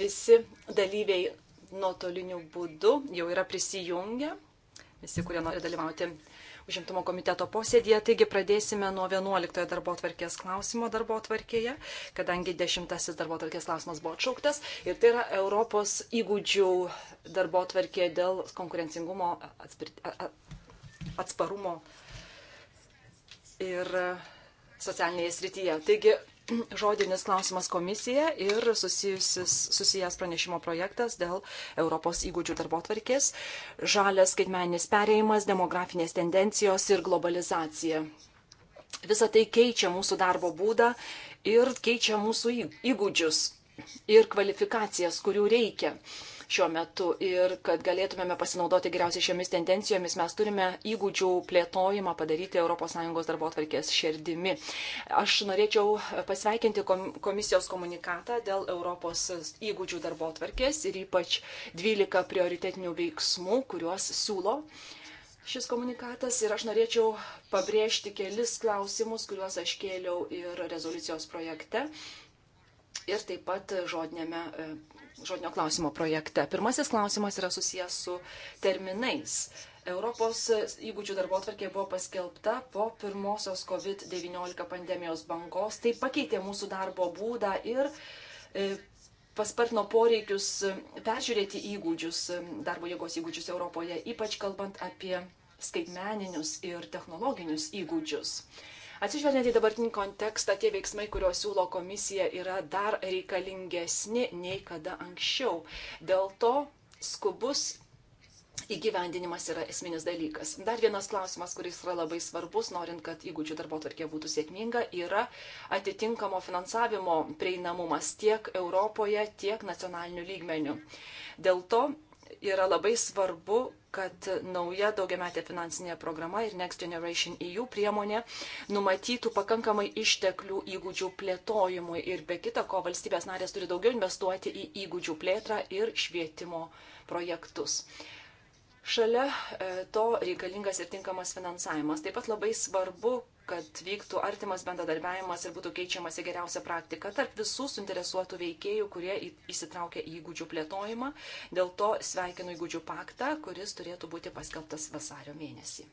visi dalyviai nuotoliniu būdu jau yra prisijungę, visi, kurie nori dalyvauti užimtumo komiteto posėdėje. Taigi pradėsime nuo 11 darbo tvarkės klausimo darbo tvarkėje, kadangi 10 darbo tvarkės klausimas buvo atšauktas. Ir tai yra Europos įgūdžių darbo tvarkė dėl konkurencingumo atspir... atsparumo ir e, socialinėje srityje. Taigi žodinis klausimas komisija ir susijęs pranešimo projektas dėl Europos įgūdžių darbotvarkės, žalias skaitmeninis perėjimas, demografinės tendencijos ir globalizacija. Visa tai keičia mūsų darbo būdą ir keičia mūsų įgūdžius ir kvalifikacijas, kurių reikia šiuo metu ir kad galėtumėme pasinaudoti geriausiai šiomis tendencijomis, mes turime įgūdžių plėtojimą padaryti ES darbo atvarkės širdimi. Aš norėčiau pasveikinti komisijos komunikatą dėl Europos įgūdžių darbo atvarkės ir ypač 12 prioritetinių veiksmų, kuriuos siūlo šis komunikatas ir aš norėčiau pabrėžti kelis klausimus, kuriuos aš kėliau ir rezoliucijos projekte ir taip pat žodinėme žodinio klausimo projekte. Pirmasis klausimas yra susijęs su terminais. Europos įgūdžių darbo atvarkė buvo paskelbta po pirmosios COVID-19 pandemijos bangos. Tai pakeitė mūsų darbo būdą ir e, paspartino poreikius e, peržiūrėti įgūdžius, e, darbo jėgos įgūdžius Europoje, ypač kalbant apie skaitmeninius ir technologinius įgūdžius. Atsižvelgiant į dabartinį kontekstą, tie veiksmai, kuriuos siūlo komisija, yra dar reikalingesni nei kada anksčiau. Dėl to skubus įgyvendinimas yra esminis dalykas. Dar vienas klausimas, kuris yra labai svarbus, norint, kad įgūdžių darbo tvarkė būtų sėkminga, yra atitinkamo finansavimo prieinamumas tiek Europoje, tiek nacionaliniu lygmeniu. Dėl to yra labai svarbu kad nauja daugiametė finansinė programa ir Next Generation EU priemonė numatytų pakankamai išteklių įgūdžių plėtojimui ir be kita ko valstybės narės turi daugiau investuoti į įgūdžių plėtrą ir švietimo projektus. Šalia e, to reikalingas ir tinkamas finansavimas. Taip pat labai svarbu, kad vyktų artimas bendradarbiavimas ir būtų keičiamasi geriausia praktika tarp visų suinteresuotų veikėjų, kurie įsitraukia į įgūdžių plėtojimą. Dėl to sveikinu įgūdžių paktą, kuris turėtų būti paskelbtas vasario mėnesį.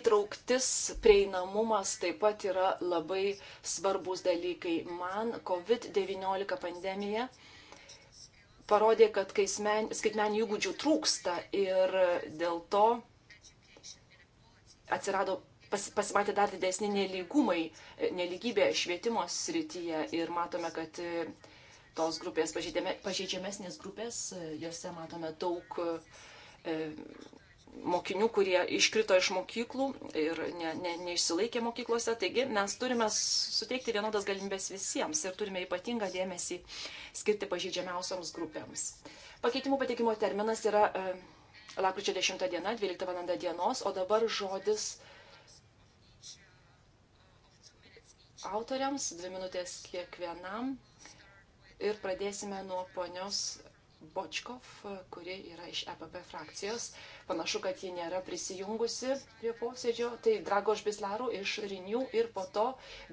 Įtrauktis, prieinamumas taip pat yra labai svarbus dalykai. Man COVID-19 pandemija parodė, kad skaitmeninių įgūdžių trūksta ir dėl to atsirado pas, pasimatė dar didesni neligumai, neligybė švietimo srityje ir matome, kad tos grupės, pažeidžiamesnės grupės, juose matome daug e, mokinių, kurie iškrito iš mokyklų ir ne, ne, neišsilaikė mokyklose. Taigi mes turime suteikti vienodas galimybės visiems ir turime ypatingą dėmesį skirti pažydžiamiausiams grupėms. Pakeitimų pateikimo terminas yra e, lakryčio 10 diena, 12 val. dienos, o dabar žodis autoriams, dvi minutės kiekvienam. Ir pradėsime nuo ponios Bočkov, kuri yra iš EPP frakcijos. Panašu, kad ji nėra prisijungusi prie posėdžio. Tai Dragoš Bislaru iš Rinių ir po to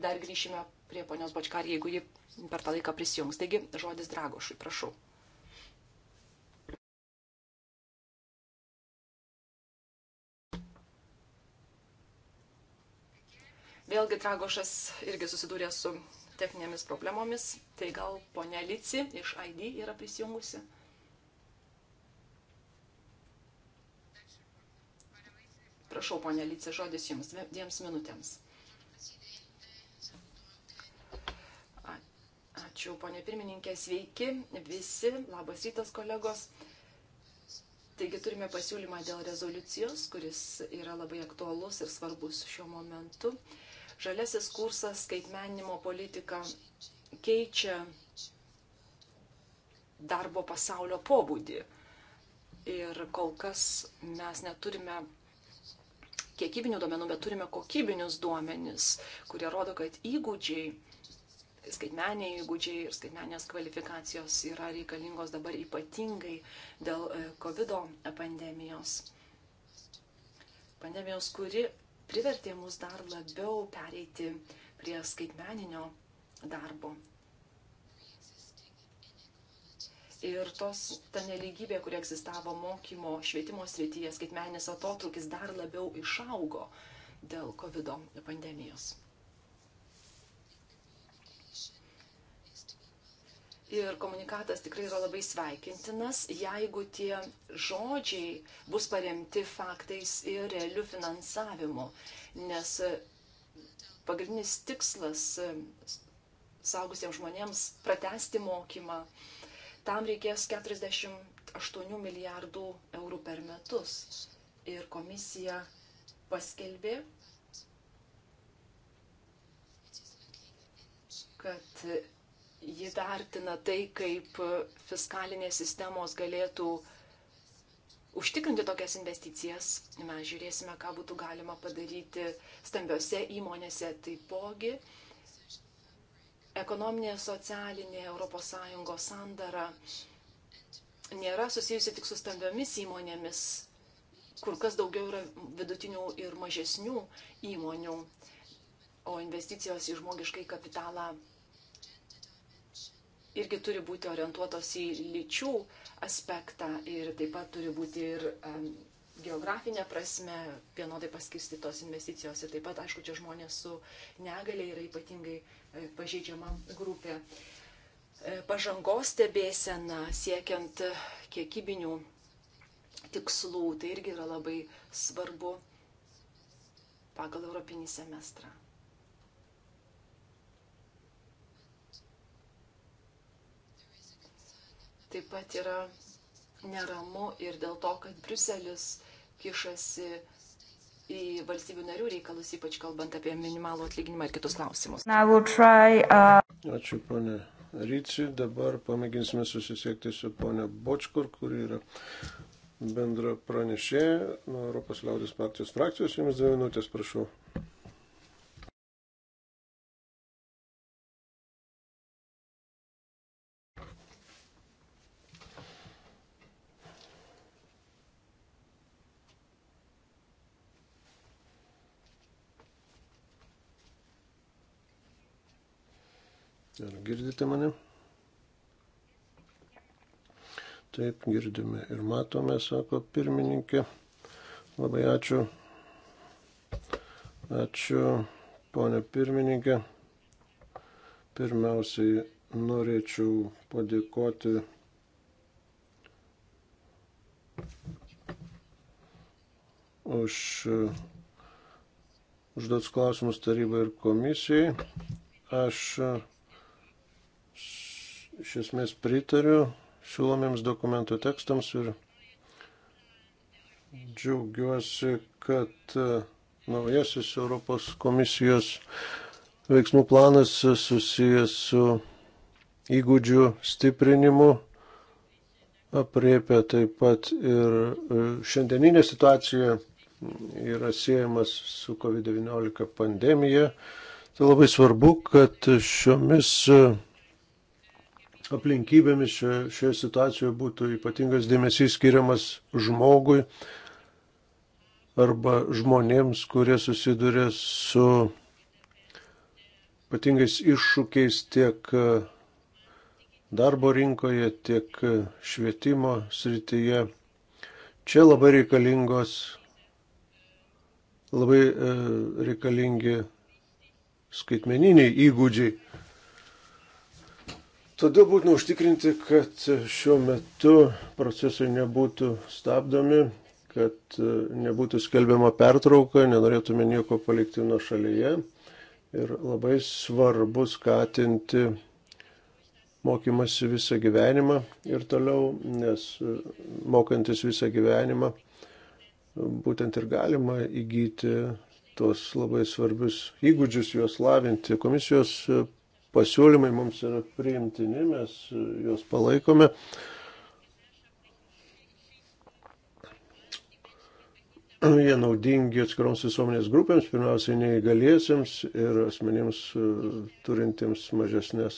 dar grįšime prie ponios Bočkar, jeigu ji per tą laiką prisijungs. Taigi, žodis Dragošui, prašau. Vėlgi Dragošas irgi susidūrė su techninėmis problemomis. Tai gal ponia Lici iš ID yra prisijungusi. Prašau, ponia Lici, žodis jums dviems minutėms. Ačiū, ponia pirmininkė, sveiki visi, labas rytas kolegos. Taigi turime pasiūlymą dėl rezoliucijos, kuris yra labai aktualus ir svarbus šiuo momentu. Uh, Žalesis kursas skaitmenimo politika keičia darbo pasaulio pobūdį. Ir kol kas mes neturime kiekybinių duomenų, bet turime kokybinius duomenis, kurie rodo, kad įgūdžiai, skaitmeniai įgūdžiai ir skaitmenės kvalifikacijos yra reikalingos dabar ypatingai dėl e, COVID pandemijos. Pandemijos, kuri privertė mus dar labiau pereiti prie skaitmeninio darbo. Ir tos, ta neligybė, kuri egzistavo mokymo, švietimo srityje, skaitmeninis atotrukis dar labiau išaugo dėl COVID pandemijos. ir komunikatas tikrai yra labai sveikintinas, jeigu tie žodžiai bus paremti faktais ir realiu finansavimu, nes pagrindinis tikslas e, saugusiems žmonėms pratesti mokymą, tam reikės 48 milijardų eurų per metus. Ir komisija paskelbė, kad Ji vertina tai, kaip fiskalinės sistemos galėtų užtikrinti tokias investicijas. Mes žiūrėsime, ką būtų galima padaryti stambiose įmonėse taipogi. Ekonominė, socialinė ES sandara nėra susijusi tik su stambiomis įmonėmis, kur kas daugiau yra vidutinių ir mažesnių įmonių, o investicijos į žmogiškai kapitalą irgi turi būti orientuotos į lyčių aspektą ir taip pat turi būti ir um, geografinė prasme vienodai paskirstytos investicijos. Ir taip pat, aišku, čia žmonės su negaliai yra ypatingai e, pažeidžiama grupė. E, pažangos stebėsena siekiant kiekybinių tikslų, tai irgi yra labai svarbu pagal Europinį semestrą. Taip pat yra neramu ir dėl to, kad Bruselis kišasi į valstybių narių reikalus, ypač kalbant apie minimalų atlyginimą ir kitus klausimus. Try, uh... Ačiū, ponė Ryci. Dabar pamėginsime susisiekti su ponė Bočkur, kuri yra bendra pranešėja nuo Europos liaudės partijos frakcijos. Jums dvi minutės, prašau. Girdite mane? Taip, girdime ir matome, sako pirmininkė. Labai ačiū. Ačiū, ponė pirmininkė. Pirmiausiai norėčiau padėkoti už užduotus klausimus tarybai ir komisijai. Aš iš esmės pritariu siūlomiems dokumentų tekstams ir džiaugiuosi, kad e, naujasis Europos komisijos veiksmų planas susijęs su įgūdžių stiprinimu apriepia taip pat ir e, šiandieninė situacija yra siejamas su COVID-19 pandemija. Tai labai svarbu, kad šiomis aplinkybėmis šioje, šioje situacijoje būtų ypatingas dėmesys skiriamas žmogui arba žmonėms, kurie susiduria su ypatingais iššūkiais tiek e, darbo rinkoje, tiek e, švietimo srityje. Čia labai reikalingos, labai e, reikalingi skaitmeniniai įgūdžiai. Todėl būtina užtikrinti, kad šiuo metu procesai nebūtų stabdomi, kad e, nebūtų skelbiama pertrauka, nenorėtume nieko palikti nuo šalyje. Ir labai svarbu skatinti mokymasi visą gyvenimą ir toliau, nes e, mokantis visą gyvenimą būtent ir galima įgyti tuos labai svarbius įgūdžius, juos lavinti. Komisijos e, pasiūlymai mums yra priimtini, mes juos palaikome. Jie naudingi atskiroms visuomenės grupėms, pirmiausiai neįgaliesiems ir asmenims e, turintiems mažesnės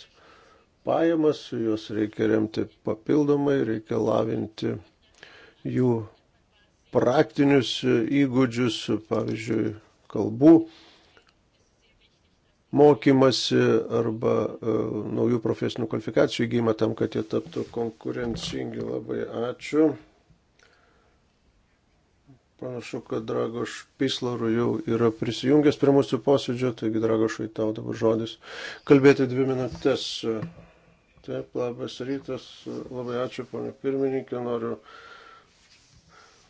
pajamas, juos reikia remti papildomai, reikia lavinti jų praktinius įgūdžius, pavyzdžiui, kalbų mokymasi arba e, naujų profesinių kvalifikacijų įgymą tam, kad jie taptų konkurencingi. Labai ačiū. Panašu, kad Dragoš Pislaru jau yra prisijungęs prie mūsų posėdžio, taigi Dragošai tau dabar žodis kalbėti dvi minutės. Taip, labas rytas, labai ačiū, ponė pirmininkė, noriu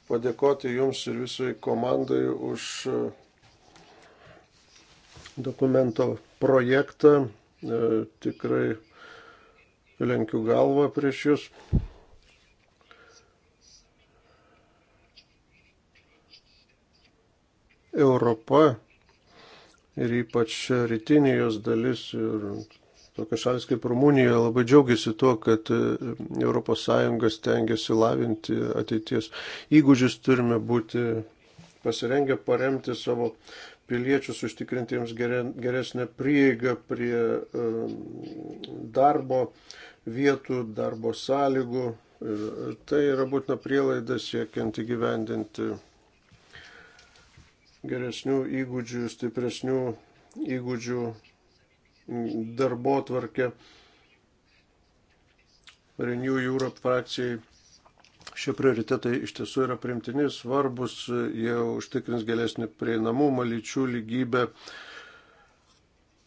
padėkoti Jums ir visai komandai už dokumento projektą. E, tikrai lenkiu galvą prieš jūs. Europa ir ypač rytinė jos dalis ir tokia šalis kaip Rumunija labai džiaugiasi tuo, kad ES tengiasi lavinti ateities įgūdžius, turime būti pasirengę paremti savo piliečius užtikrinti jiems geresnę prieigą prie um, darbo vietų, darbo sąlygų. Ir tai yra būtina prielaida siekiant įgyvendinti geresnių įgūdžių, stipresnių įgūdžių darbo tvarkę. Renew Europe frakcijai Šie prioritetai iš tiesų yra primtini, svarbus, jie užtikrins gėlesnį prieinamumą, lyčių lygybę,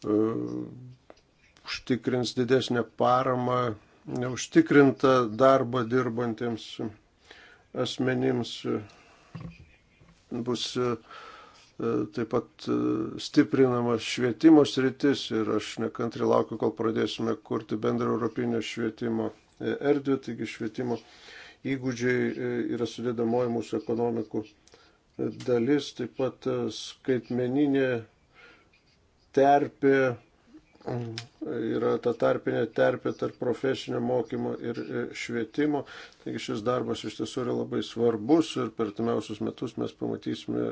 e, užtikrins didesnę paramą, neužtikrintą darbą dirbantiems asmenims bus e, taip pat e, stiprinamas švietimo sritis ir aš nekantri laukiu, kol pradėsime kurti bendrą europinę švietimo erdvę, taigi švietimo įgūdžiai e, yra sudėdamoji mūsų ekonomikų e, dalis, taip pat e, skaitmeninė terpė mm, yra ta tarpinė terpė tarp profesinio mokymo ir švietimo. Taigi šis darbas iš tiesų yra labai svarbus ir per timiausius metus mes pamatysime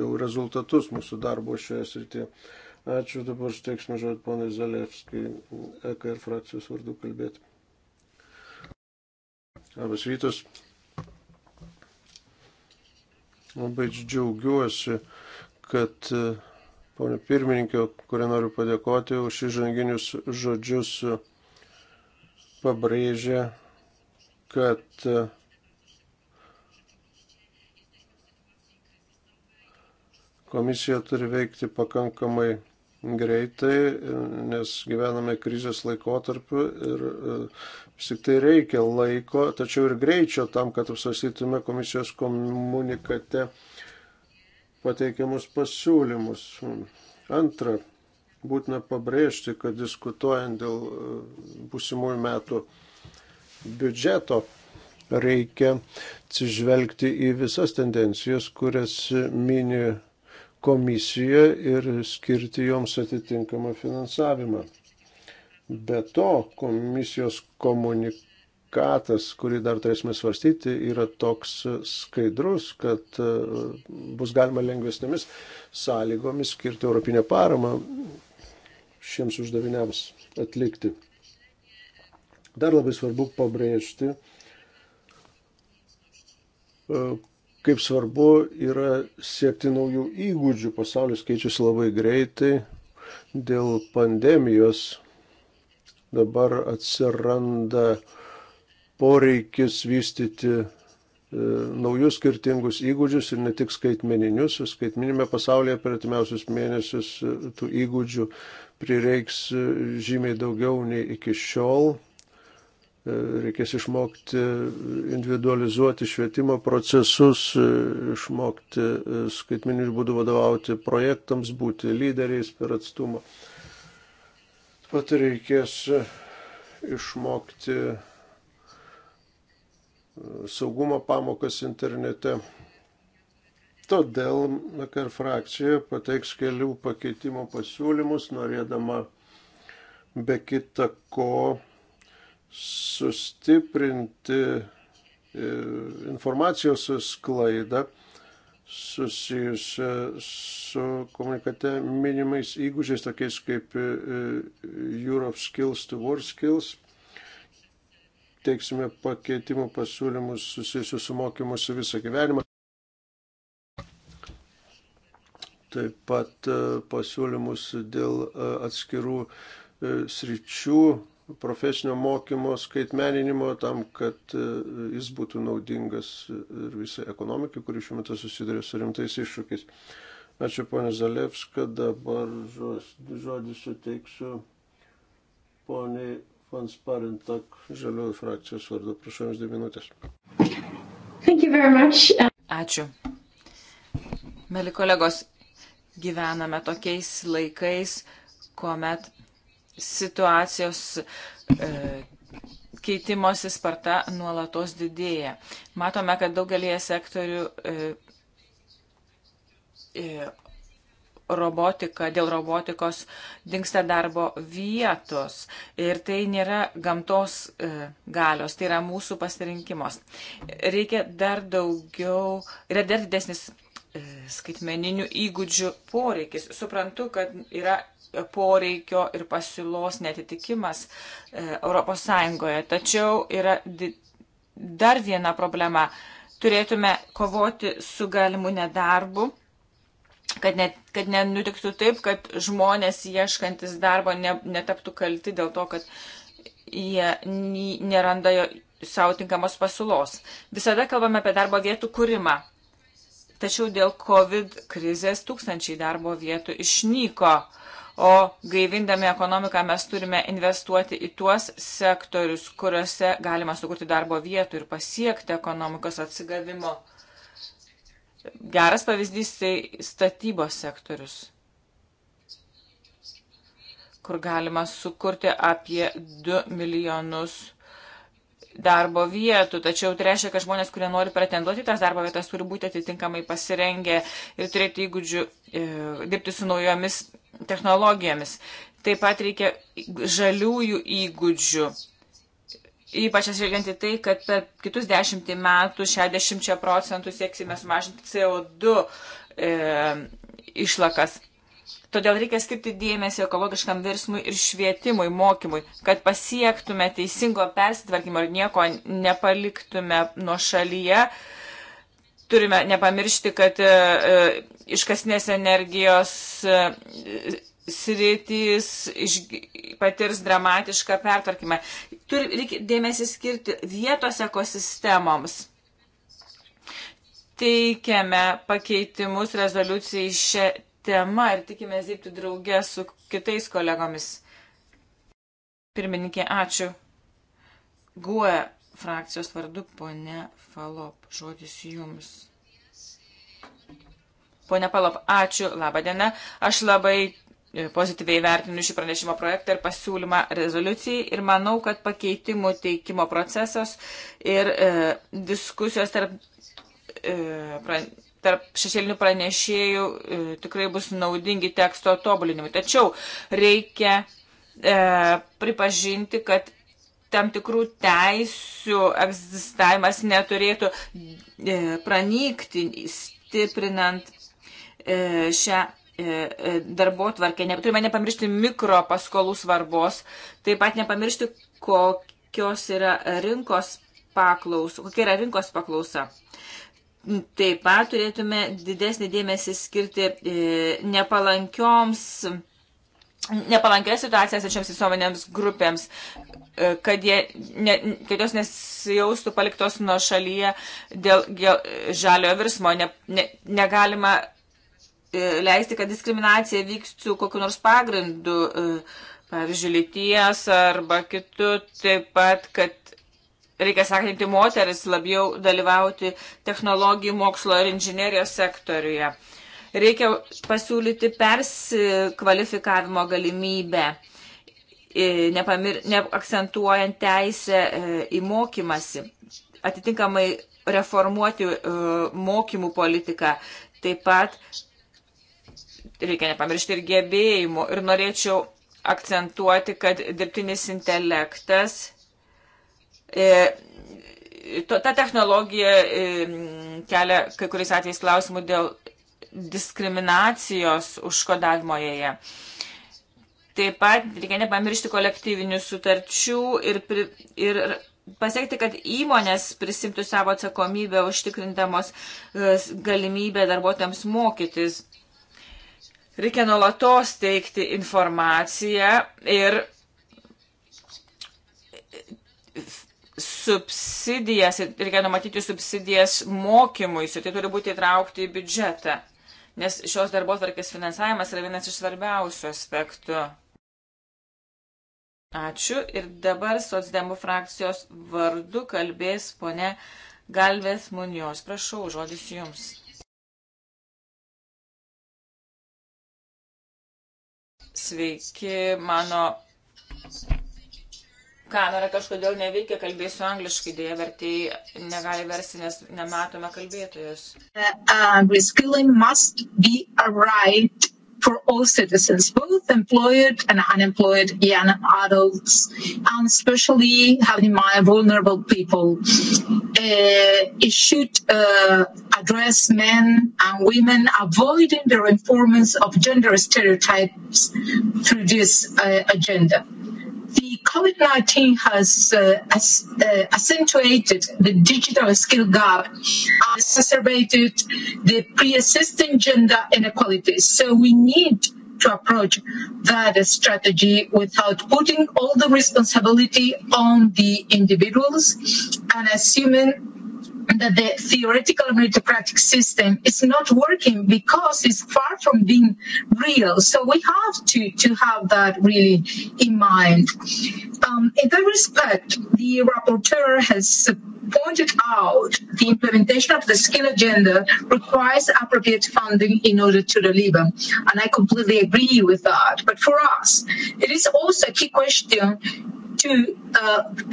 jau rezultatus mūsų darbo šioje srityje. Ačiū, dabar steiksime žodį ponai Zalevskai, EKR frakcijos vardu kalbėti. Labas rytas. Labai džiaugiuosi, kad e, ponio pirmininkio, kurią noriu padėkoti už įžanginius žodžius, e, pabrėžia, kad e, komisija turi veikti pakankamai greitai, nes gyvename krizės laikotarpiu ir e, vis tik tai reikia laiko, tačiau ir greičio tam, kad apsvarstytume komisijos komunikate pateikiamus pasiūlymus. Antra, būtina pabrėžti, kad diskutuojant dėl e, būsimųjų metų biudžeto reikia atsižvelgti į visas tendencijas, kurias mini komisiją ir skirti joms atitinkamą finansavimą. Be to, komisijos komunikatas, kurį dar turėsime svarstyti, yra toks skaidrus, kad e, bus galima lengvesnėmis sąlygomis skirti europinę paramą šiems uždaviniams atlikti. Dar labai svarbu pabrėžti, e, kaip svarbu yra siekti naujų įgūdžių. Pasaulis keičiasi labai greitai dėl pandemijos. Dabar atsiranda poreikis vystyti e, naujus skirtingus įgūdžius ir ne tik skaitmeninius. Skaitminime pasaulyje per atimiausius mėnesius e, tų įgūdžių prireiks e, žymiai daugiau nei iki šiol. E, reikės išmokti individualizuoti švietimo procesus, e, išmokti e, skaitmeninių būdų vadovauti projektams, būti lyderiais per atstumą. Taip pat reikės išmokti saugumo pamokas internete. Todėl MKR frakcija pateiks kelių pakeitimo pasiūlymus, norėdama be kita ko sustiprinti e, informacijos sklaidą susijusią su komunikate minimais įgūdžiais, tokiais kaip e, e, Europe Skills to War Skills. Teiksime pakeitimų pasiūlymus susijusius su mokymusi visą gyvenimą. Taip pat pasiūlymus dėl atskirų sričių profesinio mokymo skaitmeninimo tam, kad e, jis būtų naudingas ir visai ekonomikai, kuri šiuo metu susiduria su rimtais iššūkiais. Ačiū ponė Zalevska, dabar žodį suteiksiu poniai Fansparentak žaliųjų frakcijos vardu. Prašau jums dvi minutės. Ačiū. Meli kolegos, gyvename tokiais laikais, kuomet situacijos e, keitimosi sparta nuolatos didėja. Matome, kad daugelie sektorių e, e, robotika, dėl robotikos dinksta darbo vietos ir tai nėra gamtos e, galios, tai yra mūsų pasirinkimos. Reikia dar daugiau, yra dar didesnis e, skaitmeninių įgūdžių poreikis. Suprantu, kad yra poreikio ir pasiūlos netitikimas ES. Tačiau yra dar viena problema. Turėtume kovoti su galimu nedarbu, kad, net, kad nenutiktų taip, kad žmonės ieškantis darbo ne, netaptų kalti dėl to, kad jie neranda jo savo tinkamos pasiūlos. Visada kalbame apie darbo vietų kūrimą. Tačiau dėl COVID krizės tūkstančiai darbo vietų išnyko o gaivindami ekonomiką mes turime investuoti į tuos sektorius, kuriuose galima sukurti darbo vietų ir pasiekti ekonomikos atsigavimo. Geras pavyzdys tai statybos sektorius, kur galima sukurti apie 2 milijonus darbo vietų, tačiau tai reiškia, kad žmonės, kurie nori pretenduoti tas darbo vietas, turi būti atitinkamai pasirengę ir turėti įgūdžių e, dirbti su naujomis technologijomis. Taip pat reikia žaliųjų įgūdžių. Ypač atsižvelgiant į tai, kad per kitus dešimtį metų 60 procentų sieksime sumažinti CO2 e, išlakas. Todėl reikia skirti dėmesį ekologiškam virsmui ir švietimui, mokymui, kad pasiektume teisingo persitvarkymo ir nieko nepaliktume nuo šalyje. E, turime nepamiršti, kad e, e, iškasnės energijos e, sritys iš, patirs dramatišką pertvarkymą. Turi reikia dėmesį skirti vietos ekosistemoms. Teikiame pakeitimus rezoliucijai šią temą ir tikimės dirbti draugę su kitais kolegomis. Pirmininkė, ačiū. Guoja frakcijos vardu ponė Falop. Žodis jums. Pone Palop, ačiū, laba diena. Aš labai e, pozityviai vertinu šį pranešimo projektą ir pasiūlymą rezoliucijai ir manau, kad pakeitimų teikimo procesas ir e, diskusijos tarp, e, pra, tarp šešėlinių pranešėjų e, tikrai bus naudingi teksto tobulinimui. Tačiau reikia e, pripažinti, kad tam tikrų teisių egzistavimas neturėtų e, pranykti, stiprinant e, šią e, darbo tvarkę. Turime nepamiršti mikro paskolų svarbos, taip pat nepamiršti, kokios yra rinkos paklausa, kokia yra rinkos paklausa. Taip pat turėtume didesnį dėmesį skirti nepalankioms nepalankės situacijas šioms visuomenėms grupėms, e, kad, jie, ne, kad jos nesijaustų paliktos nuo šalyje dėl žaliojo virsmo. Ne, ne, negalima e, leisti, kad diskriminacija vykstų kokiu nors pagrindu, e, pavyzdžiui, lyties arba kitų, taip pat, kad reikia sakinti moteris labiau dalyvauti technologijų, mokslo ir inžinierijos sektoriuje. Uh, Reikia pasiūlyti persikvalifikavimo galimybę, e, nepamir, neakcentuojant teisę e, į mokymasi. Atitinkamai reformuoti e, mokymų politiką. Taip pat reikia nepamiršti ir gebėjimų. Ir norėčiau akcentuoti, kad dirbtinis intelektas, ta technologija kelia kai kuriais atvejais klausimų dėl diskriminacijos užkodavimo joje. Taip pat reikia nepamiršti kolektyvinių sutarčių ir, pri, ir pasiekti, kad įmonės prisimtų savo atsakomybę užtikrintamos e, galimybę darbuotojams mokytis. Reikia nuolatos teikti informaciją ir subsidijas, reikia numatyti subsidijas mokymuisi, tai turi būti įtraukti į biudžetą nes šios darbo tvarkės finansavimas yra vienas iš svarbiausių aspektų. Ačiū ir dabar socdemų frakcijos vardu kalbės ponė Galvės Munijos. Prašau, žodis jums. Sveiki, mano kamera kažkodėl neveikia, kalbėsiu angliškai, dėja vertėjai negali versti, nes nematome kalbėtojus. Uh, reskilling must be a right for all citizens, both employed and unemployed young adults, and especially having in mind vulnerable people. Uh, it should uh, address men and women, avoiding the reinforcements of gender stereotypes through this uh, agenda. COVID-19 has uh, as, uh, accentuated the digital skill gap, exacerbated the pre-existing gender inequalities. So we need to approach that strategy without putting all the responsibility on the individuals and assuming that the theoretical meritocratic system is not working because it's far from being real. So we have to, to have that really in mind. Um, in that respect, the rapporteur has pointed out the implementation of the skill agenda requires appropriate funding in order to deliver. And I completely agree with that. But for us, it is also a key question to uh,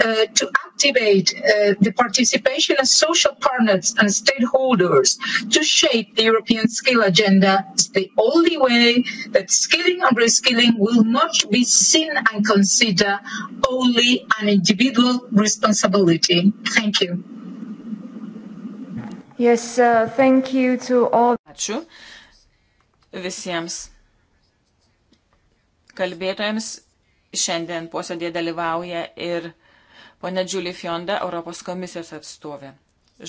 uh, to activate uh, the participation of social partners and stakeholders to shape the European skill agenda is the only way that skilling and reskilling will not be seen and considered only an individual responsibility. Thank you. Yes, uh, thank you to all. Ačiū visiems kalbėtojams. Šiandien posėdėje dalyvauja ir ponia Džiulį Fionda, Europos komisijos atstovė.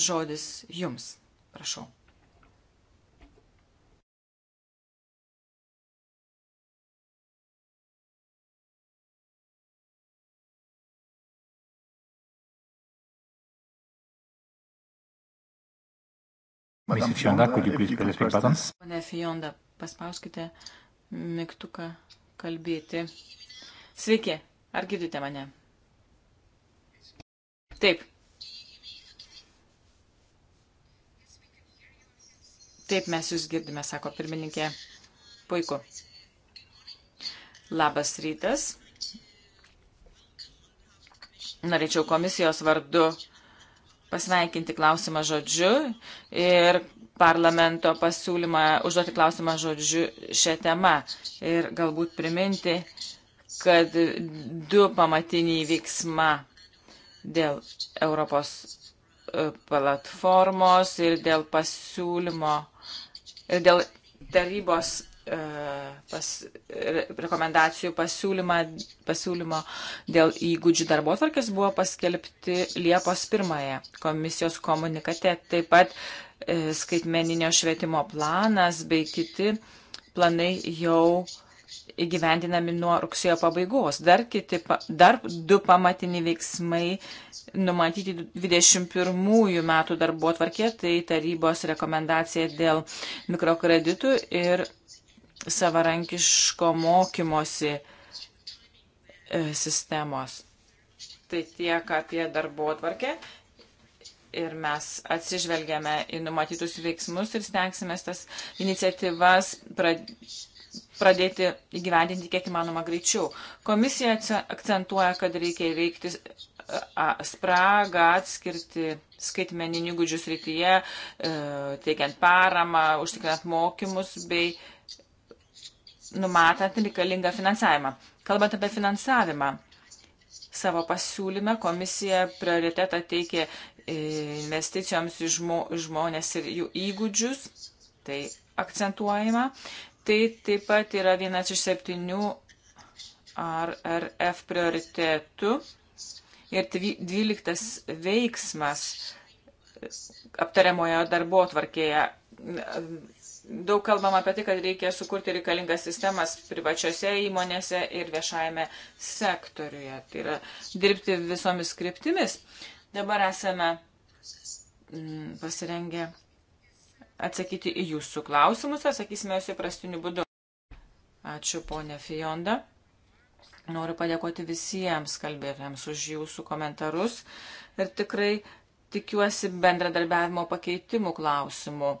Žodis jums, prašau. Mrs. Fionda, could you please press speak button? Pane Fionda, paspauskite mygtuką kalbėti. Sveiki, ar girdite mane? Taip. Taip, mes jūs girdime, sako pirmininkė. Puiku. Labas rytas. Norėčiau komisijos vardu pasveikinti klausimą žodžiu ir parlamento pasiūlymą užduoti klausimą žodžiu šią temą ir galbūt priminti, kad du pamatiniai veiksma dėl Europos e, platformos ir dėl pasiūlymo ir dėl tarybos E, pas, rekomendacijų pasiūlymo dėl įgūdžių darbo tvarkės buvo paskelbti Liepos 1 komisijos komunikate. Taip pat e, skaitmeninio švietimo planas bei kiti planai jau įgyvendinami nuo rugsėjo pabaigos. Dar, kiti, dar du pamatiniai veiksmai numatyti 21 metų darbo tvarkė, tai tarybos rekomendacija dėl mikrokreditų ir savarankiško mokymosi e, sistemos. Tai tiek apie darbo atvarkę ir mes atsižvelgiame į numatytus veiksmus ir stengsime tas iniciatyvas pradėti įgyvendinti kiek įmanoma greičiau. Komisija akcentuoja, kad reikia įveikti e, spragą, atskirti skaitmeninių įgūdžių srityje, e, teikiant paramą, užtikrinant mokymus bei numatant reikalingą finansavimą. Kalbant apie finansavimą, savo pasiūlyme komisija prioritetą teikė e, investicijoms į žmo, žmonės ir jų įgūdžius, tai akcentuojama. Tai taip pat yra vienas iš septynių RRF prioritetų ir dvyliktas veiksmas aptariamojo darbo atvarkėje daug kalbam apie tai, kad reikia sukurti reikalingas sistemas privačiose įmonėse ir viešajame sektoriuje. Tai yra dirbti visomis kryptimis. Dabar esame mm, pasirengę atsakyti į jūsų klausimus, atsakysime jūs įprastiniu būdu. Ačiū ponė Fijonda. Noriu padėkoti visiems kalbėtams už jūsų komentarus ir tikrai tikiuosi bendradarbiavimo pakeitimų klausimų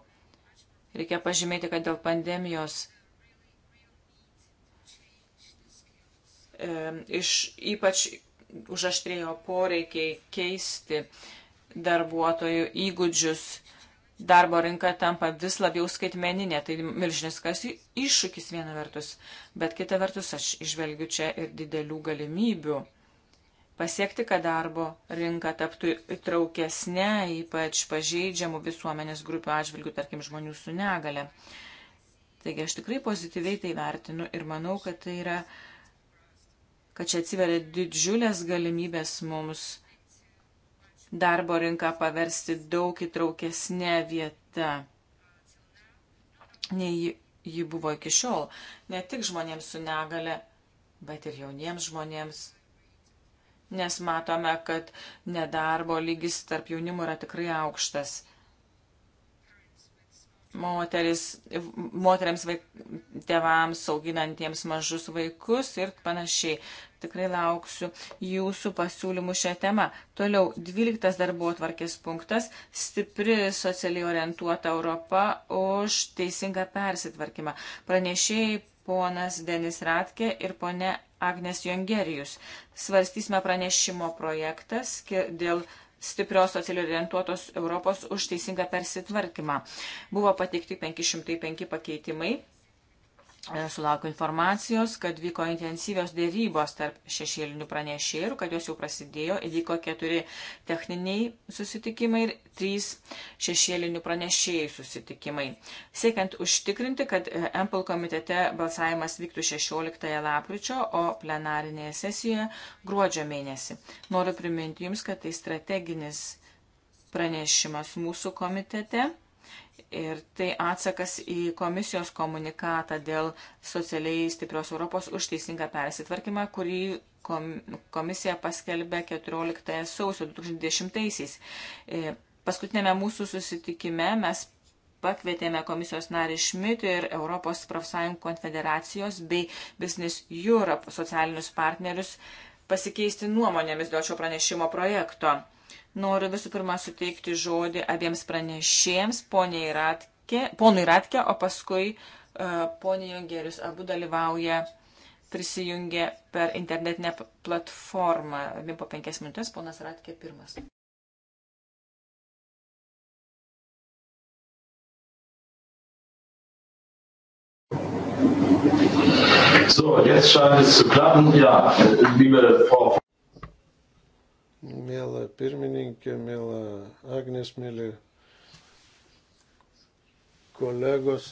Reikia pažymėti, kad dėl pandemijos e, iš ypač užaštrėjo poreikiai keisti darbuotojų įgūdžius. Darbo rinka tampa vis labiau skaitmeninė, tai milžiniškas iššūkis viena vertus, bet kita vertus aš išvelgiu čia ir didelių galimybių pasiekti, kad darbo rinka taptų įtraukesnė, ypač pažeidžiamų visuomenės grupių atžvilgių, tarkim, žmonių su negale. Taigi aš tikrai pozityviai tai vertinu ir manau, kad tai yra, kad čia atsiveria didžiulės galimybės mums darbo rinką paversti daug įtraukesnė vieta, nei ji, ji buvo iki šiol. Ne tik žmonėms su negale, bet ir jauniems žmonėms nes matome, kad nedarbo lygis tarp jaunimų yra tikrai aukštas. Moteris, moteriams vaik, tevams auginantiems mažus vaikus ir panašiai. Tikrai lauksiu jūsų pasiūlymų šią temą. Toliau, 12 darbo atvarkės punktas - stipri socialiai orientuota Europa už teisingą persitvarkymą. Pranešėjai ponas Denis Ratke ir ponė Agnes Jongerijus. Svarstysime pranešimo projektas dėl stiprios socialiai orientuotos Europos už teisingą persitvarkymą. Buvo pateikti 505 pakeitimai. E, sulaukiu informacijos, kad vyko intensyvios dėrybos tarp šešėlinių pranešėjų, kad jos jau prasidėjo, įvyko keturi techniniai susitikimai ir trys šešėlinių pranešėjų susitikimai. Siekiant užtikrinti, kad e, MPL komitete balsavimas vyktų 16 lapkričio, o plenarinėje sesijoje gruodžio mėnesį. Noriu priminti Jums, kad tai strateginis pranešimas mūsų komitete Ir tai atsakas į komisijos komunikatą dėl socialiai stiprios Europos už teisingą persitvarkymą, kurį komisija paskelbė 14 sausio 2010-aisiais. E, paskutinėme mūsų susitikime mes pakvietėme komisijos narį Šmitį ir Europos profsąjungų konfederacijos bei Business Europe socialinius partnerius pasikeisti nuomonėmis dėl šio pranešimo projekto. Noriu visų pirma suteikti žodį abiems pranešėjams, Ratke, ponui Ratke, o paskui uh, poniai Jungerius. Abu dalyvauja, prisijungė per internetinę platformą. Abiem po penkias minutės, ponas Ratke pirmas. So, jetzt scheint es zu klappen. Ja, liebe Frau mėla pirmininkė, mėla Agnes, mėly kolegos.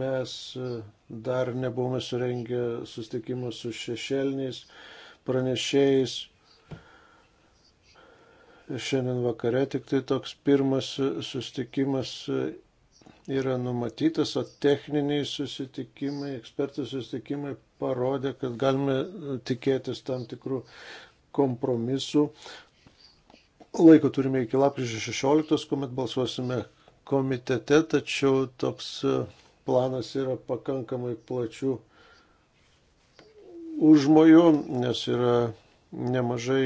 Mes dar nebuvome surengę sustikimų su šešelniais pranešėjais. Šiandien vakare tik tai toks pirmas sustikimas yra numatytas, o techniniai susitikimai, ekspertų susitikimai parodė, kad galime tikėtis tam tikrų kompromisų. Laiko turime iki lapkričio 16, kuomet balsuosime komitete, tačiau toks e, planas yra pakankamai plačių užmojų, nes yra nemažai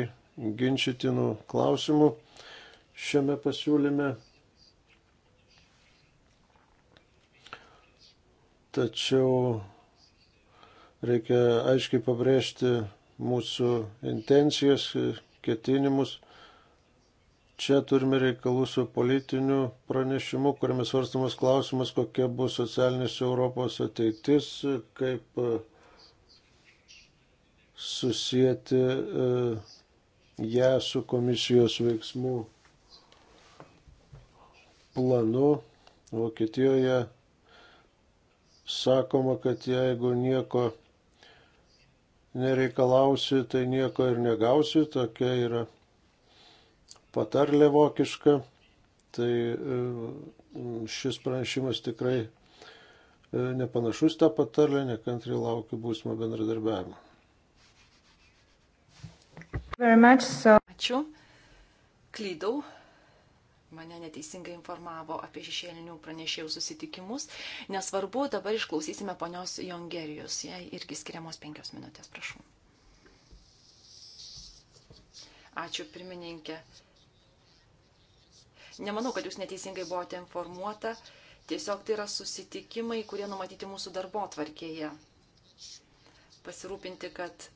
ginčytinų klausimų šiame pasiūlyme tačiau reikia aiškiai pabrėžti mūsų intencijas, ketinimus. Čia turime reikalų su politiniu pranešimu, kuriame svarstamas klausimas, kokia bus socialinės Europos ateitis, kaip e, susijęti e, ją su komisijos veiksmų planu Vokietijoje sakoma, kad jeigu nieko nereikalausi, tai nieko ir negausi, tokia yra patarlė vokiška. Tai e, šis pranešimas tikrai e, nepanašus tą patarlę, nekantriai laukiu būsimo bendradarbiavimo. Ačiū. Klydau mane neteisingai informavo apie šešėlinių pranešėjų susitikimus. Nesvarbu, dabar išklausysime ponios Jongerijos. Jai irgi skiriamos penkios minutės, prašau. Ačiū, pirmininkė. Nemanau, kad jūs neteisingai buvote informuota. Tiesiog tai yra susitikimai, kurie numatyti mūsų darbo tvarkėje. Pasirūpinti, kad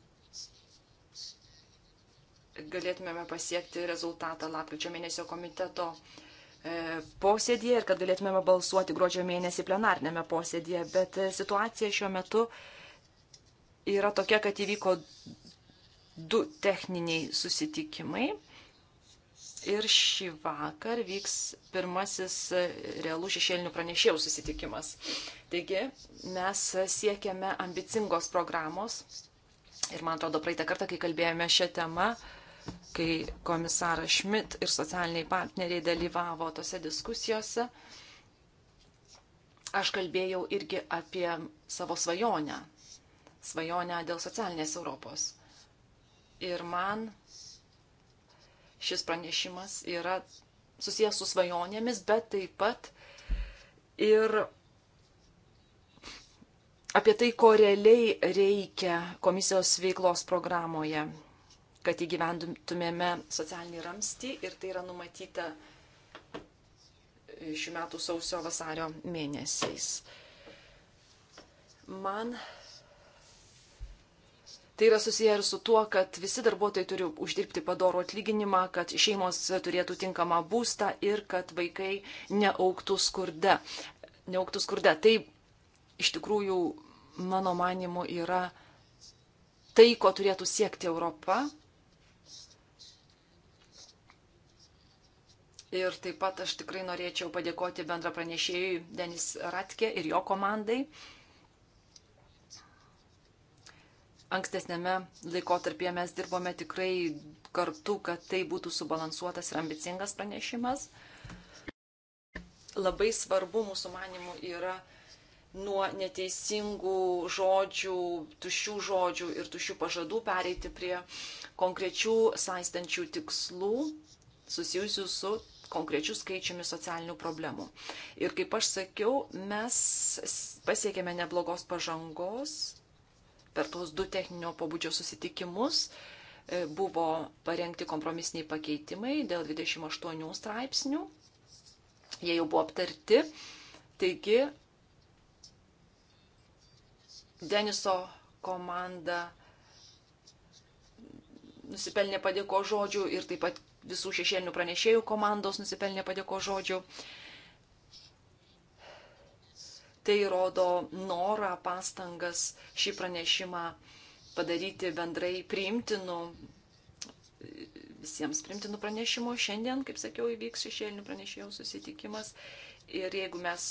galėtumėme pasiekti rezultatą lapkričio mėnesio komiteto e, posėdėje ir kad galėtumėme balsuoti gruodžio mėnesį plenarnėme posėdėje. Bet e, situacija šiuo metu yra tokia, kad įvyko du techniniai susitikimai. Ir šį vakar vyks pirmasis e, realų šešėlinių pranešėjų susitikimas. Taigi mes siekiame ambicingos programos. Ir man atrodo, praeitą kartą, kai kalbėjome šią temą, uh, kai komisaras Šmit ir socialiniai partneriai dalyvavo tose diskusijose, aš kalbėjau irgi apie savo svajonę, svajonę dėl socialinės Europos. Ir man šis pranešimas yra susijęs su svajonėmis, bet taip pat ir apie tai, ko realiai reikia komisijos veiklos programoje kad įgyvendintumėme socialinį ramstį ir tai yra numatyta e, šių metų sausio vasario mėnesiais. Man tai yra susiję ir su tuo, kad visi darbuotojai turi uždirbti padorų atlyginimą, kad šeimos turėtų tinkamą būstą ir kad vaikai neauktų skurde. Neauktų skurde. Tai iš tikrųjų, mano manimu, yra tai, ko turėtų siekti Europa Ir taip pat aš tikrai norėčiau padėkoti bendra pranešėjui Denis Ratke ir jo komandai. Ankstesnėme laikotarpėje mes dirbome tikrai kartu, kad tai būtų subalansuotas ir ambicingas pranešimas. Labai svarbu mūsų manimų yra nuo neteisingų žodžių, tuščių žodžių ir tuščių pažadų pereiti prie konkrečių saistančių tikslų susijusių su konkrečių skaičiumi socialinių problemų. Ir kaip aš sakiau, mes pasiekėme neblogos pažangos per tuos du techninio pobūdžio susitikimus. E, buvo parengti kompromisiniai pakeitimai dėl 28 straipsnių. Jie jau buvo aptarti. Taigi, Deniso komanda nusipelnė padėko žodžių ir taip pat visų šešėlinių pranešėjų komandos nusipelnė padėko žodžių. Tai rodo norą, pastangas šį pranešimą padaryti bendrai priimtinu, visiems priimtinu pranešimu. Šiandien, kaip sakiau, įvyks šešėlinių pranešėjų susitikimas Ir jeigu mes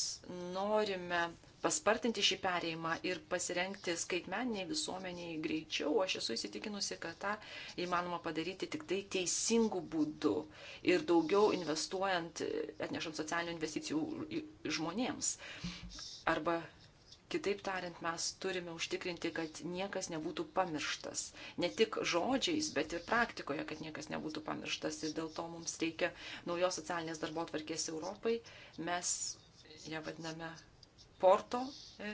norime paspartinti šį perėjimą ir pasirengti skaitmeniniai visuomeniai greičiau, aš esu įsitikinusi, kad tą įmanoma padaryti tik tai teisingų būdų ir daugiau investuojant, atnešant socialinių investicijų žmonėms arba Kitaip tariant, mes turime užtikrinti, kad niekas nebūtų pamirštas. Ne tik žodžiais, bet ir praktikoje, kad niekas nebūtų pamirštas. Ir dėl to mums reikia naujos socialinės darbo atvarkės Europai. Mes ją vadiname porto e,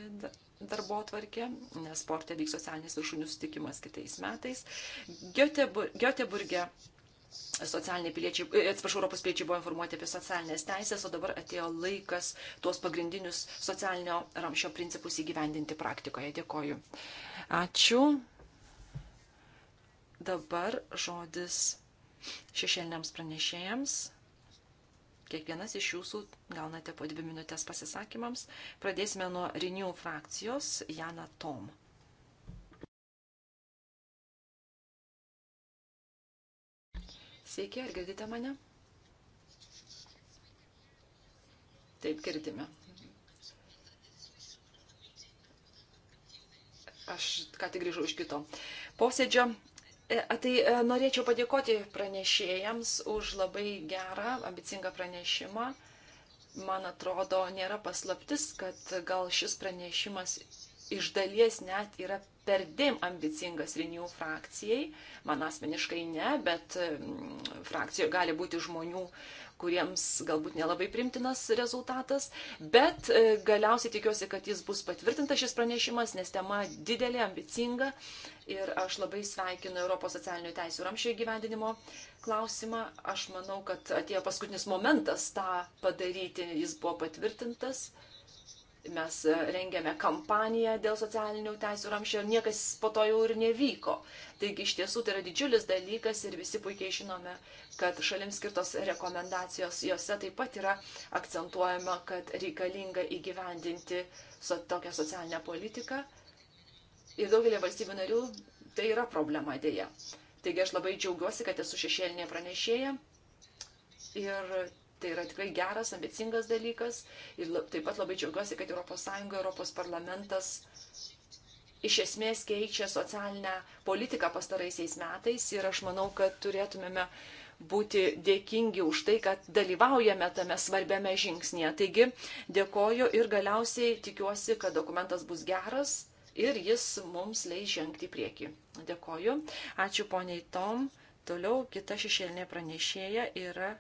darbo atvarkė, nes porte vyks socialinės viršūnių sutikimas kitais metais. Göteburge socialiniai piliečiai, e, atsiprašau, Europos piliečiai buvo informuoti apie socialinės teisės, o dabar atėjo laikas tuos pagrindinius socialinio ramšio principus įgyvendinti praktikoje. Dėkoju. Ačiū. Dabar žodis šešėliniams pranešėjams. Kiekvienas iš jūsų gaunate po dvi minutės pasisakymams. Pradėsime nuo Renew frakcijos Jana Tom. Sveiki, ar girdite mane? Taip, girdime. Aš ką tik grįžau iš kito posėdžio. E, tai e, norėčiau padėkoti pranešėjams už labai gerą, ambicingą pranešimą. Man atrodo, nėra paslaptis, kad gal šis pranešimas iš dalies net yra perdėm ambicingas Renew frakcijai. Man asmeniškai ne, bet mm, frakcijoje gali būti žmonių, kuriems galbūt nelabai primtinas rezultatas. Bet e, galiausiai tikiuosi, kad jis bus patvirtintas šis pranešimas, nes tema didelė, ambicinga. Ir aš labai sveikinu Europos socialinių teisų ramšio įgyvendinimo klausimą. Aš manau, kad atėjo paskutinis momentas tą padaryti. Jis buvo patvirtintas Mes e, rengėme kampaniją dėl socialinių teisų ramščio ir niekas po to jau ir nevyko. Taigi iš tiesų tai yra didžiulis dalykas ir visi puikiai žinome, kad šalims skirtos rekomendacijos, jose taip pat yra akcentuojama, kad reikalinga įgyvendinti so, tokią socialinę politiką. Ir daugelį valstybių narių tai yra problema dėja. Taigi aš labai džiaugiuosi, kad esu šešėlinė pranešėja ir Tai yra tikrai geras, ambicingas dalykas ir taip pat labai džiaugiuosi, kad ES, Europos parlamentas iš esmės keičia socialinę politiką pastaraisiais metais ir aš manau, kad turėtumėme būti dėkingi už tai, kad dalyvaujame tame svarbiame žingsnėje. Taigi dėkoju ir galiausiai tikiuosi, kad dokumentas bus geras ir jis mums leis žengti į priekį. Dėkoju. Ačiū poniai Tom. Toliau kita šešėlinė pranešėja yra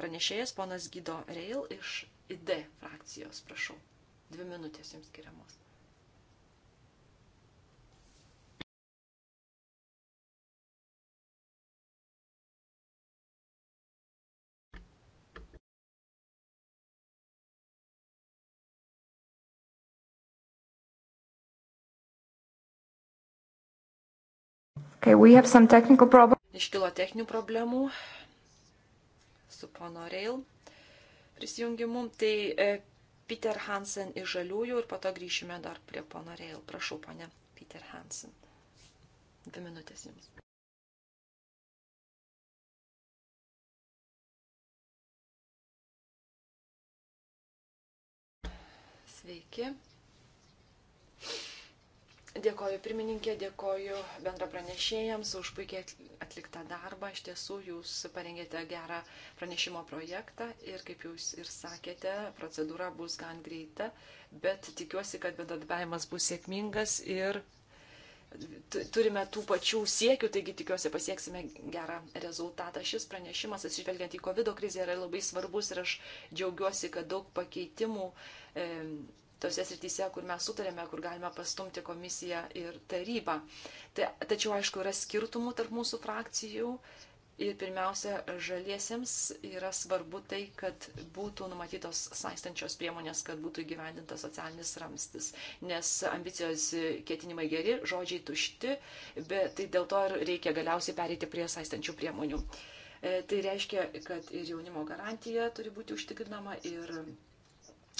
Pranešėjas ponas Gido Reil iš ID frakcijos, prašau. Dvi minutės jums skiriamos. Okay, we have some technical problems. Iškilo techninių problemų, su pono Reil prisijungimu. Tai e, Peter Hansen iš Žaliųjų ir po to grįšime dar prie pono Reil. Prašau, ponė Peter Hansen. Dvi minutės jums. Sveiki. Dėkoju pirmininkė, dėkoju bendra pranešėjams už puikiai atliktą darbą. Iš tiesų, jūs parengėte gerą pranešimo projektą ir, kaip jūs ir sakėte, procedūra bus gan greita, bet tikiuosi, kad bendradarbiavimas bus sėkmingas ir turime tų pačių siekių, taigi tikiuosi pasieksime gerą rezultatą. Šis pranešimas, atsižvelgiant į COVID krizę, yra labai svarbus ir aš džiaugiuosi, kad daug pakeitimų. E, tose srityse, kur mes sutarėme, kur galime pastumti komisiją ir tarybą. Tai, tačiau, aišku, yra skirtumų tarp mūsų frakcijų. Ir pirmiausia, žaliesiems yra svarbu tai, kad būtų numatytos saistančios priemonės, kad būtų įgyvendintas socialinis ramstis. Nes ambicijos ketinimai geri, žodžiai tušti, bet tai dėl to ir reikia galiausiai pereiti prie saistančių priemonių. E, tai reiškia, kad ir jaunimo garantija turi būti užtikrinama ir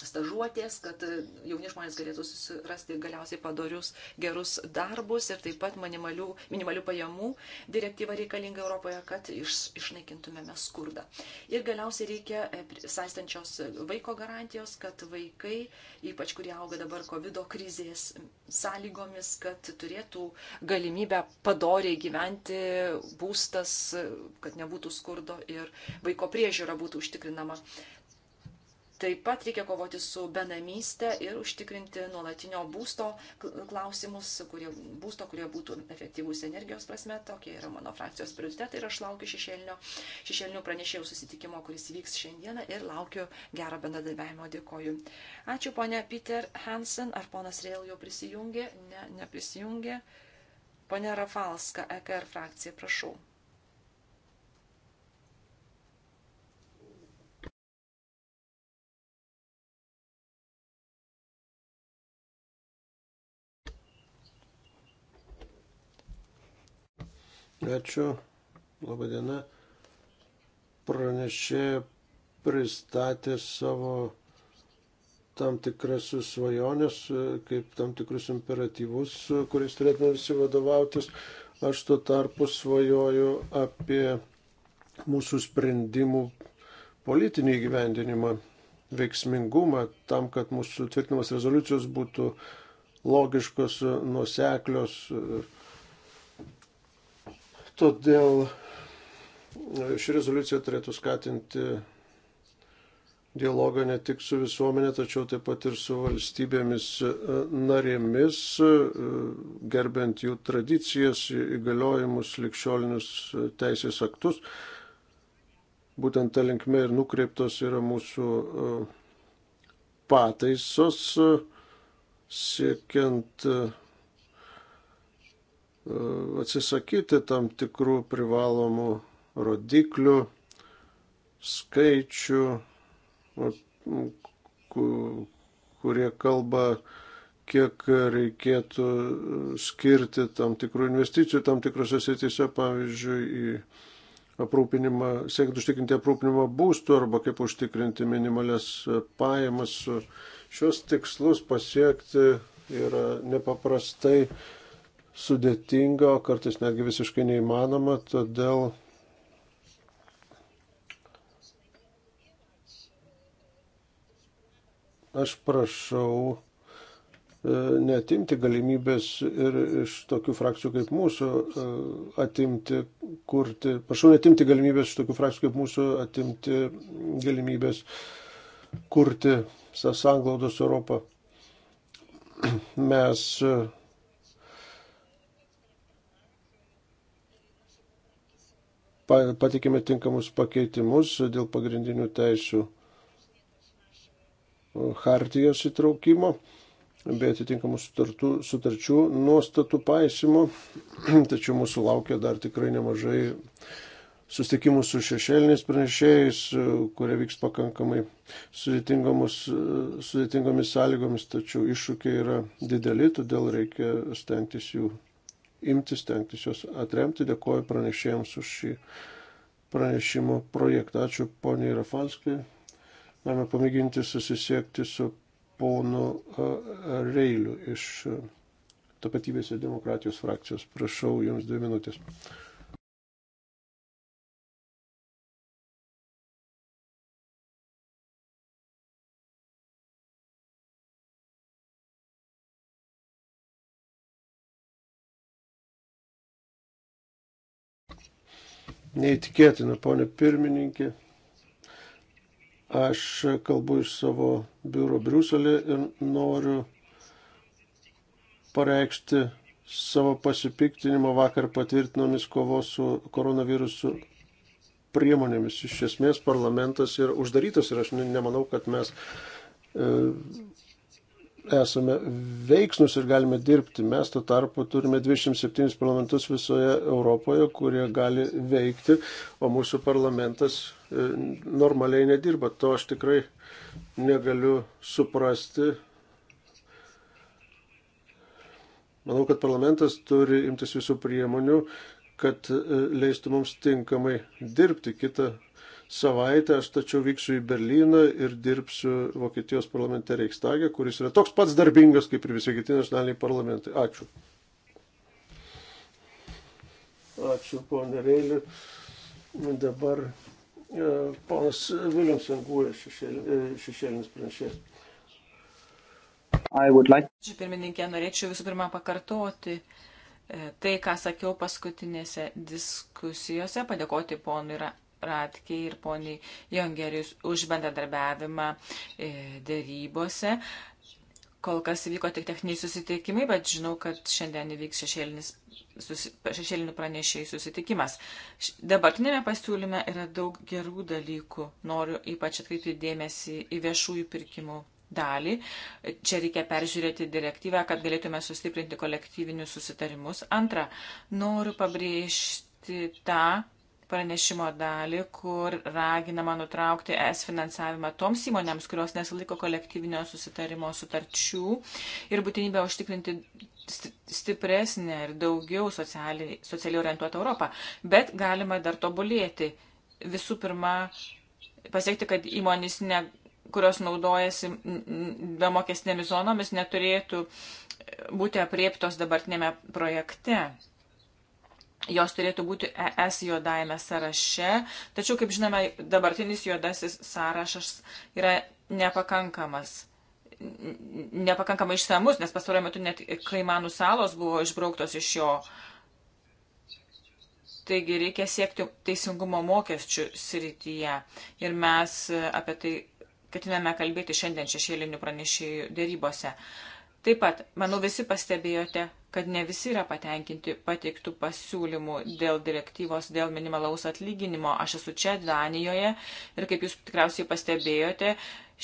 stažuotės, kad e, jauni žmonės galėtų susirasti galiausiai padorius gerus darbus ir taip pat minimalių, minimalių pajamų direktyva reikalinga Europoje, kad iš, išnaikintumėme skurdą. Ir galiausiai reikia e, saistančios vaiko garantijos, kad vaikai, ypač kurie auga dabar COVID krizės sąlygomis, kad turėtų galimybę padoriai gyventi būstas, kad nebūtų skurdo ir vaiko priežiūra būtų užtikrinama. Taip pat reikia kovoti su benamyste ir užtikrinti nuolatinio būsto klausimus, kurie, būsto, kurie būtų efektyvūs energijos prasme. Tokie yra mano frakcijos prioritetai ir aš laukiu šešėlinio, šešėlinio pranešėjų susitikimo, kuris vyks šiandieną ir laukiu gerą bendradarbiavimo. Dėkoju. Ačiū ponia Peter Hansen. Ar ponas Rėl jau prisijungė? Ne, neprisijungė. Pone Rafalska, EKR frakcija, prašau. Ačiū. Labadiena. Pranešė pristatė savo tam tikras svajonės, kaip tam tikrus imperatyvus, kuriais turėtume visi vadovautis. Aš tuo tarpu svajoju apie mūsų sprendimų politinį įgyvendinimą, veiksmingumą, tam, kad mūsų tvirtinamas rezoliucijos būtų logiškos, nuseklios, Todėl e, ši rezoliucija turėtų skatinti dialogą ne tik su visuomenė, tačiau taip pat ir su valstybėmis e, narėmis, e, gerbent jų tradicijas, įgaliojimus, likščiolinius teisės aktus. Būtent ta linkme ir nukreiptos yra mūsų pataisos siekiant E, atsisakyti tam tikrų privalomų rodiklių, skaičių, kurie kalba, kiek reikėtų skirti tam tikrų investicijų tam tikrose srityse, pavyzdžiui, į aprūpinimą, siekiant užtikrinti aprūpinimą būstų arba kaip užtikrinti minimalias pajamas. Šios tikslus pasiekti yra nepaprastai sudėtinga, kartais netgi visiškai neįmanoma, todėl aš prašau e, netimti galimybės ir iš tokių frakcijų kaip mūsų e, atimti, kurti, prašau netimti galimybės iš tokių frakcijų kaip mūsų atimti galimybės kurti sąsanglaudos Europą. Mes e, patikime tinkamus pakeitimus dėl pagrindinių teisų hartijos įtraukimo bei atitinkamų sutartų, sutarčių nuostatų paisimo, tačiau mūsų laukia dar tikrai nemažai susitikimų su šešėliniais pranešėjais, kurie vyks pakankamai sudėtingomis sąlygomis, tačiau iššūkiai yra dideli, todėl reikia stengtis jų imtis, tenktis juos atremti. Dėkuoju pranešėjams už šį pranešimo projektą. Ačiū poniai Rafanskai. Galime pamėginti susisiekti su ponu Reiliu iš tapatybės ir demokratijos frakcijos. Prašau, jums dvi minutės. Neįtikėtina, ponė pirmininkė. Aš kalbu iš savo biuro Briuselį ir noriu pareikšti savo pasipiktinimą vakar patvirtinomis kovos su koronavirusu priemonėmis. Iš esmės parlamentas yra uždarytas ir aš nemanau, kad mes e, esame veiksnus ir galime dirbti. Mes tuo tarpu turime 27 parlamentus visoje Europoje, kurie gali veikti, o mūsų parlamentas e, normaliai nedirba. To aš tikrai negaliu suprasti. Manau, kad parlamentas turi imtis visų priemonių, kad e, leistų mums tinkamai dirbti. Kita savaitę aš tačiau vyksiu į Berliną ir dirbsiu Vokietijos parlamente Reichstagė, kuris yra toks pats darbingas kaip ir visi kiti nacionaliniai parlamentai. Ačiū. Ačiū, ponė Reilė. Dabar e, ponas Viljamson Gūrė e, šešėlinis pranešėjas. Like... Ačiū pirmininkė, norėčiau visų pirma pakartoti e, tai, ką sakiau paskutinėse diskusijose, padėkoti ponui yra Ratkiai ir poniai Jongerius už bendradarbiavimą e, dėrybose. Kol kas vyko tik techniniai susitikimai, bet žinau, kad šiandien įvyks šešėlinis susi, šešėlinių pranešėjų susitikimas. Dabartinėme pasiūlyme yra daug gerų dalykų. Noriu ypač atkreipti dėmesį į viešųjų pirkimų dalį. Čia reikia peržiūrėti direktyvą, kad galėtume sustiprinti kolektyvinius susitarimus. Antra, noriu pabrėžti tą, pranešimo dalį, kur raginama nutraukti es finansavimą toms įmonėms, kurios nesilaiko kolektyvinio susitarimo sutarčių ir būtinybę užtikrinti stipresnę ir daugiau socialiai, socialiai orientuotą Europą. Bet galima dar tobulėti. Visų pirma, pasiekti, kad įmonės, ne, kurios naudojasi be mokestinėmis zonomis, neturėtų būti apriektos dabartinėme projekte jos turėtų būti ES juodajame sąraše, tačiau, kaip žinome, dabartinis juodasis sąrašas yra nepakankamas nepakankamai išsamus, nes pastaruoju metu net Kaimanų salos buvo išbrauktos iš jo. Taigi reikia siekti teisingumo mokesčių srityje. Ir mes apie tai ketiname kalbėti šiandien šešėlinių pranešėjų dėrybose. Taip pat, manau, visi pastebėjote, kad ne visi yra patenkinti pateiktų pasiūlymų dėl direktyvos dėl minimalaus atlyginimo. Aš esu čia Danijoje ir kaip jūs tikriausiai pastebėjote,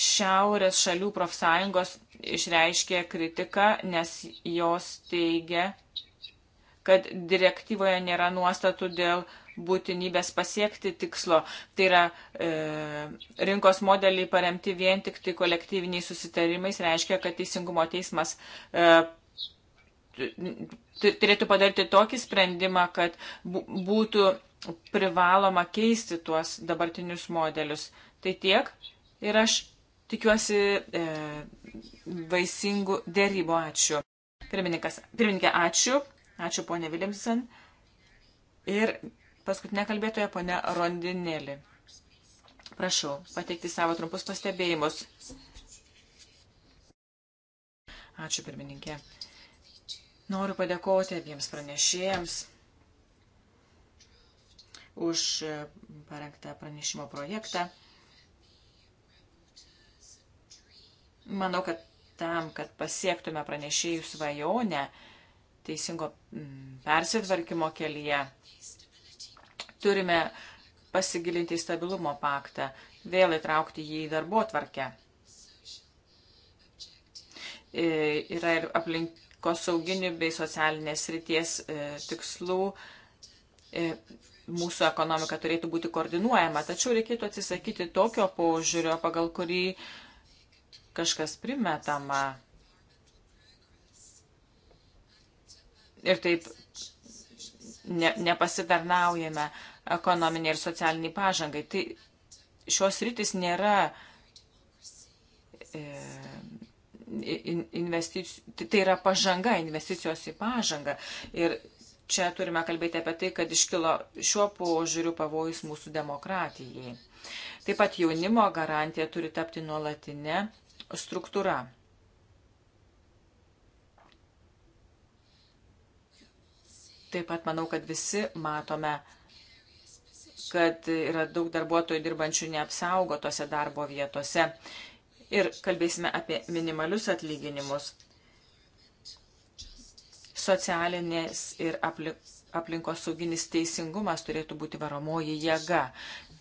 šiaurės šalių profsąjungos išreiškė kritiką, nes jos teigia, kad direktyvoje nėra nuostatų dėl būtinybės pasiekti tikslo. Tai yra e, rinkos modeliai paremti vien tik tai kolektyviniais susitarimais, reiškia, kad Teisingumo teismas e, turėtų padaryti tokį sprendimą, kad būtų privaloma keisti tuos dabartinius modelius. Tai tiek ir aš tikiuosi e, vaisingų dėrybų. Ačiū. Pirmininkas, pirmininkė, ačiū. Ačiū ponė Viljamson. Ir paskutinė kalbėtoja ponė Rondinėlė. Prašau pateikti savo trumpus pastebėjimus. Ačiū pirmininkė. Noriu padėkoti abiems pranešėjams už parengtą pranešimo projektą. Manau, kad tam, kad pasiektume pranešėjų svajonę teisingo mm, persitvarkymo kelyje, turime pasigilinti į stabilumo paktą, vėl įtraukti jį į darbo tvarkę. E, yra ir aplink aplinkosauginių bei socialinės ryties e, tikslų e, mūsų ekonomika turėtų būti koordinuojama. Tačiau reikėtų atsisakyti tokio požiūrio, pagal kurį kažkas primetama. Ir taip ne, nepasidarnaujame ekonominiai ir socialiniai pažangai. Tai šios rytis nėra. E, investicijų, tai, tai yra pažanga, investicijos į pažangą. Ir čia turime kalbėti apie tai, kad iškilo šiuo požiūriu pavojus mūsų demokratijai. Taip pat jaunimo garantija turi tapti nuolatinė struktūra. Taip pat manau, kad visi matome, kad yra daug darbuotojų dirbančių neapsaugotose darbo vietose. Uh, ir kalbėsime apie minimalius atlyginimus. Socialinės ir aplinkos sauginis teisingumas turėtų būti varomoji jėga.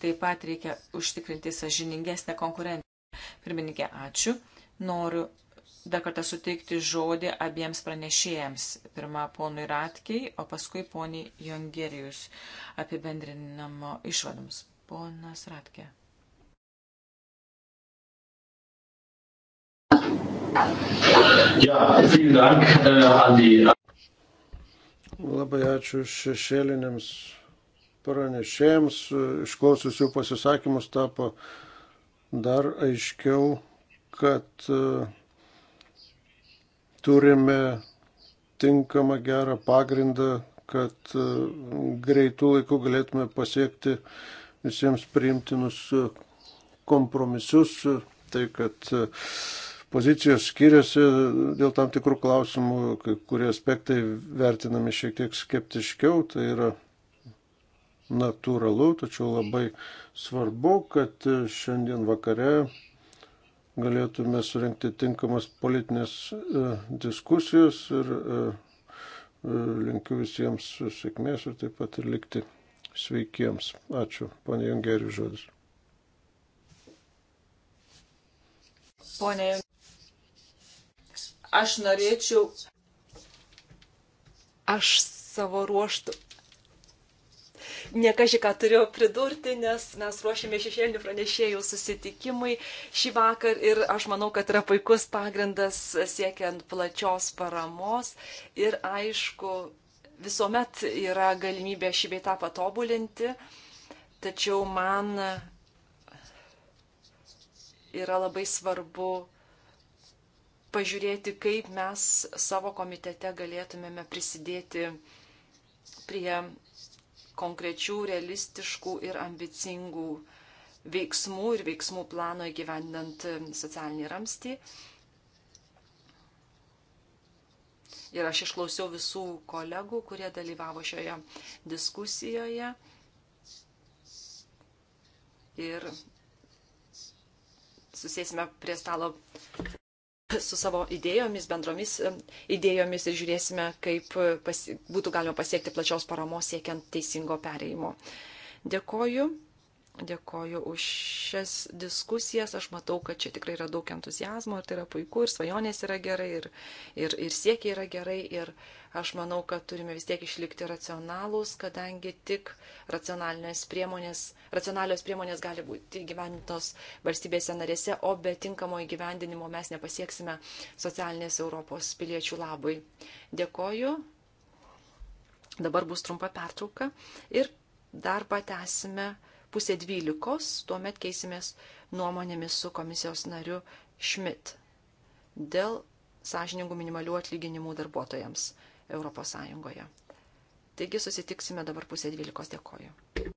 Taip pat reikia užtikrinti sažiningesnę konkurenciją. Pirmininkė, ačiū. Noriu dar kartą suteikti žodį abiems pranešėjams. Pirma, ponui Ratkiai, o paskui poniai Jongerijus apibendrinamo išvadoms. Ponas Ratkė. Ja, vielen Dank äh, an die. Labai ačiū šešėlinėms pranešėjams. Išklausus jų pasisakymus tapo dar aiškiau, kad e, turime tinkamą gerą pagrindą, kad e, greitų laikų galėtume pasiekti visiems priimtinus kompromisus. Tai, kad uh, pozicijos skiriasi dėl tam tikrų klausimų, kai kurie aspektai vertinami šiek tiek skeptiškiau, tai yra natūralu, tačiau labai svarbu, kad šiandien vakare galėtume surinkti tinkamas politinės e, diskusijos ir e, e, linkiu visiems sėkmės ir taip pat ir likti sveikiems. Ačiū, ponė Jungerių žodis. Ponė Aš norėčiau. Aš savo ruoštų. Nekažiai ką turėjau pridurti, nes mes ruošiame šešėlinių pranešėjų susitikimui šį vakar ir aš manau, kad yra puikus pagrindas siekiant plačios paramos ir aišku, visuomet yra galimybė šį beitą patobulinti, tačiau man yra labai svarbu pažiūrėti, kaip mes savo komitete galėtumėme prisidėti prie konkrečių, realistiškų ir ambicingų veiksmų ir veiksmų plano įgyvendinant socialinį ramstį. Ir aš išklausiau visų kolegų, kurie dalyvavo šioje diskusijoje. Ir susėsime prie stalo su savo idėjomis, bendromis idėjomis ir žiūrėsime, kaip e, pas, būtų galima pasiekti plačios paramos siekiant teisingo pereimo. Dėkoju. Dėkoju už šias diskusijas. Aš matau, kad čia tikrai yra daug entuzijazmo ir tai yra puiku ir svajonės yra gerai ir, ir, ir siekiai yra gerai. Ir, uh, Aš manau, kad turime vis tiek išlikti racionalūs, kadangi tik priemonės, racionalios priemonės gali būti įgyvendintos valstybėse narėse, o be tinkamo įgyvendinimo mes nepasieksime socialinės Europos piliečių labui. Dėkoju. Dabar bus trumpa pertrauka ir dar patęsime pusė dvylikos, tuomet keisimės nuomonėmis su komisijos nariu Schmidt dėl sąžiningų minimalių atlyginimų darbuotojams. ES. Taigi susitiksime dabar pusė dvylikos. Dėkoju.